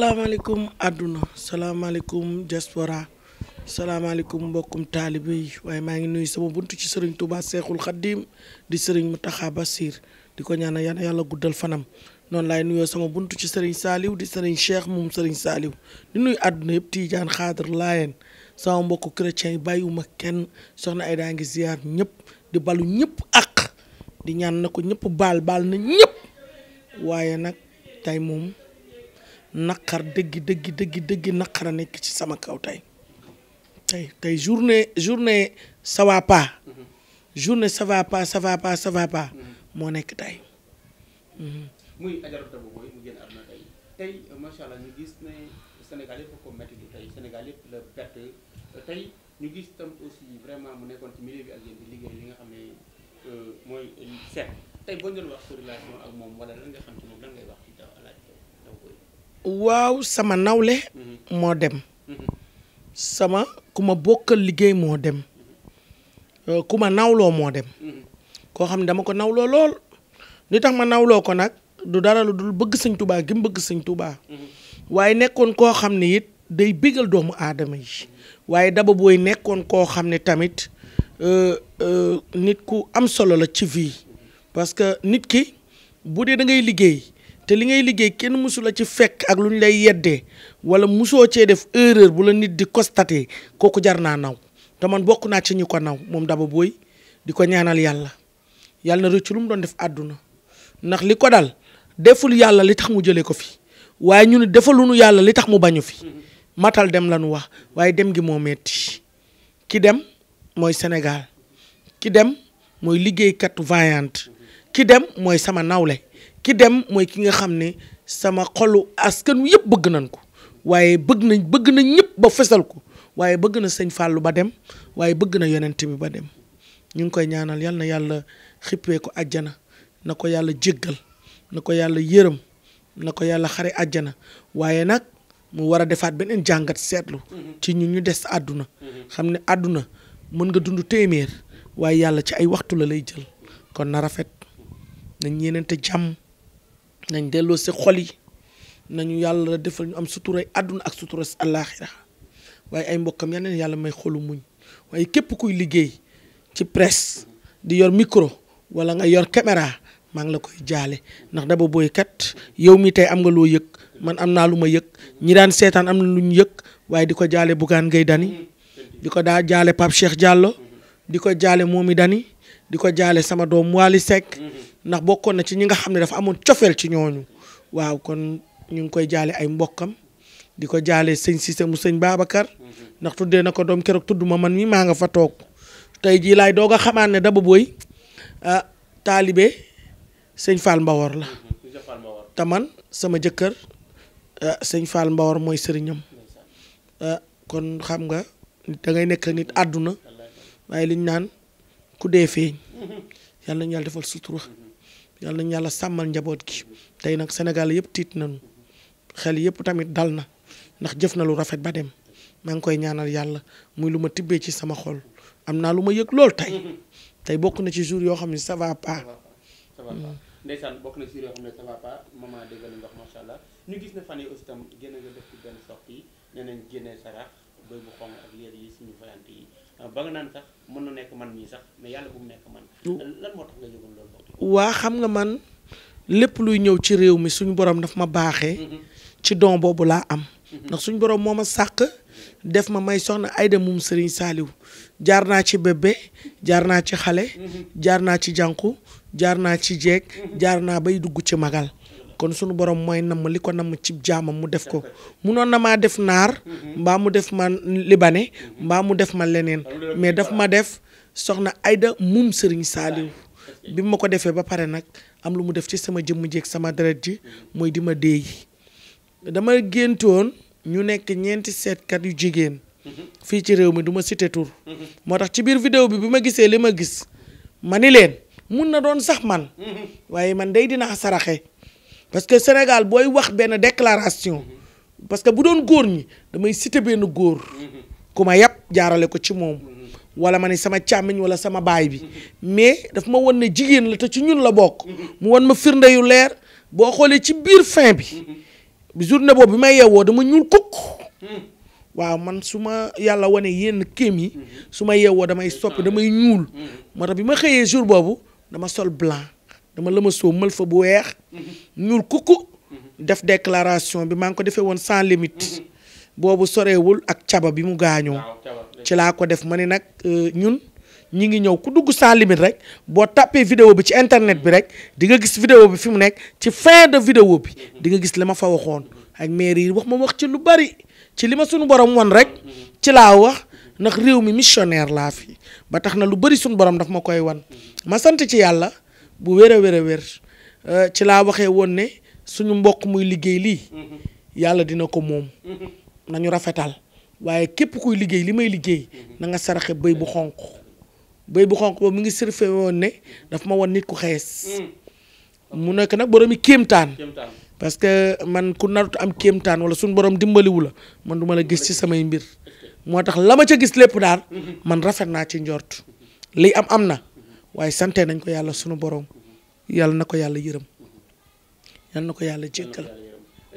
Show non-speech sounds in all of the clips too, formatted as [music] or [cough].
salaamaaleykum àdduna salaamaaleykum diaspora salaamaaleykum mbokkum taalibe yi waaye maa ngi nuyu sama buntu ci sëriñ Touba Seexul Xaddiim di sëriñ mu Mountakha siir di ko ñaan yàlla yàlla guddal fanam noonu laay nuyoo sama buntu ci sëriñ Saaliw di sëriñ Cheikh moom sëriñ Saaliw di nuyu àdduna yëpp tiijaan xaadar laayeen sama mbokku chrétien yi bàyyiwuma kenn soxna ay daa ngi ziyaar ñëpp di balu ñëpp ak di ñaan na ko ñëpp baal baal na ñëpp waaye nag tey moom. naqar dëggi dëgg dëgg dëgg naqar a nekk ci sama kaw tay tey tey journée journée ça va pas journée ça va pas moo nekk tey. muy ajaratu boobu mu génn àdduna tey tey allah ñu gis ne Sénégal yëpp ko métti di tey Sénégal yëpp la perte ñu gis tam aussi vraiment mu nekkoon ci milieu bi ak yéen di liggéey li nga xam ne euh, mooy seet tey boo ñu wax sa relation ak moom wala lan nga xam ci moom lan ngay wax. waaw sama nawle mhm. moo dem mhm. sama ku ma bokkal liggéey moo dem mhm. ku ma nawloo moo dem koo xam ne dama ko nawloo lool li tax ma nawloo ko nag du dara lu dul bëgg sëñ tubaa gi bëgg sëñ tubaa waaye nekkoon koo xam ne it day béggal doomu aadama yi waaye daba booy nekkoon koo xam ne tamit euh, euh, nit ku am solo la ci vi parce que nit ki bu dee da ngay liggéey li ngay liggéey kenn musu la ci fekk ak lu ñu lay yeddee wala musoo cee def erreur bu la nit di constater kooku jar naa naw te man bokk naa ci ñu ko naw moom Daba Boye di ko ñaanal yàlla yàlla na rëccu lu mu doon def àdduna ndax li ko dal deful yàlla li tax mu jëlee ko fi waaye ñu ne defaluñu yàlla li tax mu bañu fi matal dem lanu ñu wax waaye dem gi moo metti ki dem mooy senegal ki dem mooy liggéeykat vaillante ki dem mooy sama nawle ki dem mooy ki nga xam ne sama xolu askan wi yëpp bëgg nañ ko waaye bëgg nañ bëgg nañ ñëpp ba fesal ko waaye bëgg na sëñ fàllu ba dem waaye bëgg na yenent bi ba dem ñu ngi koy ñaanal yal na yàlla xippee ko àjjana na ko yàlla jéggal na ko yàlla yërëm na ko yàlla xare àjjana waaye nag mu war a defaat beneen jàngat seetlu ci ñu ñu des àdduna xam ne àdduna mën nga dund téeméer waaye yàlla ci ay waxtu la lay jël kon na rafet nañ yéeneente jàmm nañ delloo si xol yi nañu yàlla defal ñu am suturay àdduna ak sutura àllaaxira waaye ay mbokkam yeneen yàlla may xolu muñ waaye képp kuy liggéey ci presse di yor micro wala nga yor caméra maa ngi la koy jaale ndax Daba Boye kat yow mi tey am nga loo yëg man am naa lu ma yëg ñi daan seetaan am na lu yëg waaye di ko jaale Bougane Gueye Dany di ko daa jaale Pape Cheikh Diallo di ko jaale Momi Dany di ko jaale sama doom Waly Seck ndax bokkoon na ci ñi nga xam ne dafa amoon cofeel ci ñooñu waaw kon ñu ngi koy jaale ay mbokkam di ko jaale sëñ Cissé mu sëñ Babacar ndax tuddee na ko doom keroog tudd ma man mi maa nga fa toog tey jii laay doog a xamaat ne Daba Boye ah sëñ Fall Mbawor la te man sama jëkkër ah, sëñ Fall Mbawor mooy sëriñam ah, kon xam nga dangay ngay nekk nit àdduna waaye liñ naan ku dee feeñ [laughs] yàlla nañu yàlla defal sutura yal nañu yàlla sàmmal njaboot gi tey nag Sénégal yëpp tiit nañu xel yëpp tamit dal na ndax jëf na lu rafet ba dem maa ngi koy ñaanal yàlla muy lu ma tibbee ci sama xol am naa lu ma yëg lool tey [laughs] tey bokk na ci jour yoo xam ne ça va pas. ça va pas ndeysaan Ah, mën na nekk waa xam nga man lépp luy ñëw ci réew mi suñu borom daf ma baaxe mm-hmm. ci don boobu laa am mm-hmm. ndax suñu borom moo ma sàq def ma may soxna Aida moom Serigne Saliou jaar naa ci bébé jaar naa ci xale mm-hmm. jaar naa ci jànku jaar naa ci jeeg jaar naa bay dugg ci magal kon sunu boroom mooy namm li ko namm ci jaamam mu def ko munoon na maa def naar mbaa mu def ma libane mbaa mu def ma leneen mais daf ma def soxna Aida mum sëriñ Saliou bi ma ko defee ba pare nag am lu mu def ci sama jëmm jeeg sama deret ji mooy di ma déey dama géntoon ñu nekk ñeenti seetkat yu jigéen fii ci réew mi duma ma tur moo tax ci biir vidéo bi bi ma gisee li ma gis ma ni leen mun na doon sax man waaye man day dinaa saraxe parce que Sénégal booy wax benn déclaration parce que bu doon góor ñi damay cité benn góor ku ma yàpp jaarale ko ci moom wala ma ne sama càmmiñ wala sama baay bi mais daf ma wan ne jigéen la te ci ñun la bokk mu won ma firnde yu leer boo xoolee ci biir fin bi journée boobu bi may yeewoo dama ñuul kukk waaw man su ma yàlla wane yenn kéem yi su ma yeewoo damay soppi damay ñuul moo tax bi ma xëyee jour boobu dama sol blanc dama lëmasoo mël fa bu weex ñuul kukku def déclaration bi maa ngi ko defee woon sans limite boobu sorewul ak caba bi mu gaañoo ci laa ko def ma ne nag euh, ñun ñu ngi ñëw ku dugg sans limite rek boo tappee video bi ci internet bi rek dinga gis vidéo bi fi mu nekk ci fin de vidéo bi di nga gis li ma fa waxoon ak maire yi wax ma wax ci lu bari ci li ma suñu borom won rek ci laa wax ndax réew mi missionnaire laa fi ba tax na lu bari suñu borom daf ma koy wan ma sant ci yàlla bu wér a wér a Euh, ci laa waxee woon ne suñu mbokk muy liggéey lii yàlla dina ko moom nañu rafetal waaye képp kuy liggéey li may liggéey na nga saraxe bëy bu xonq bëy bu xonq boobu mu ngi surfe woon ne dafa ma wan nit ku xees mu nekk nag boroomi kéemtaan parce que man ku narut am kéemtaan wala suñu borom dimbaliwu la man duma la gis ci samay mbir moo tax la ca gis lépp daal man rafet naa ci njort li am am na waaye sante nañ ko yàlla sunu borom yàlla na ko yàlla yërëm yàlla na ko yàlla jéggal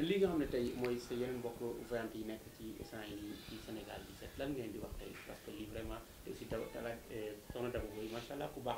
li nga xam ne tey mooy sa yeneen mbokk voyant yi nekk ci sant yi ci Sénégal bi set lan ngeen di wax tey parce que lii vraiment aussi daba dala soxna Daba Boye macha allah ku baax la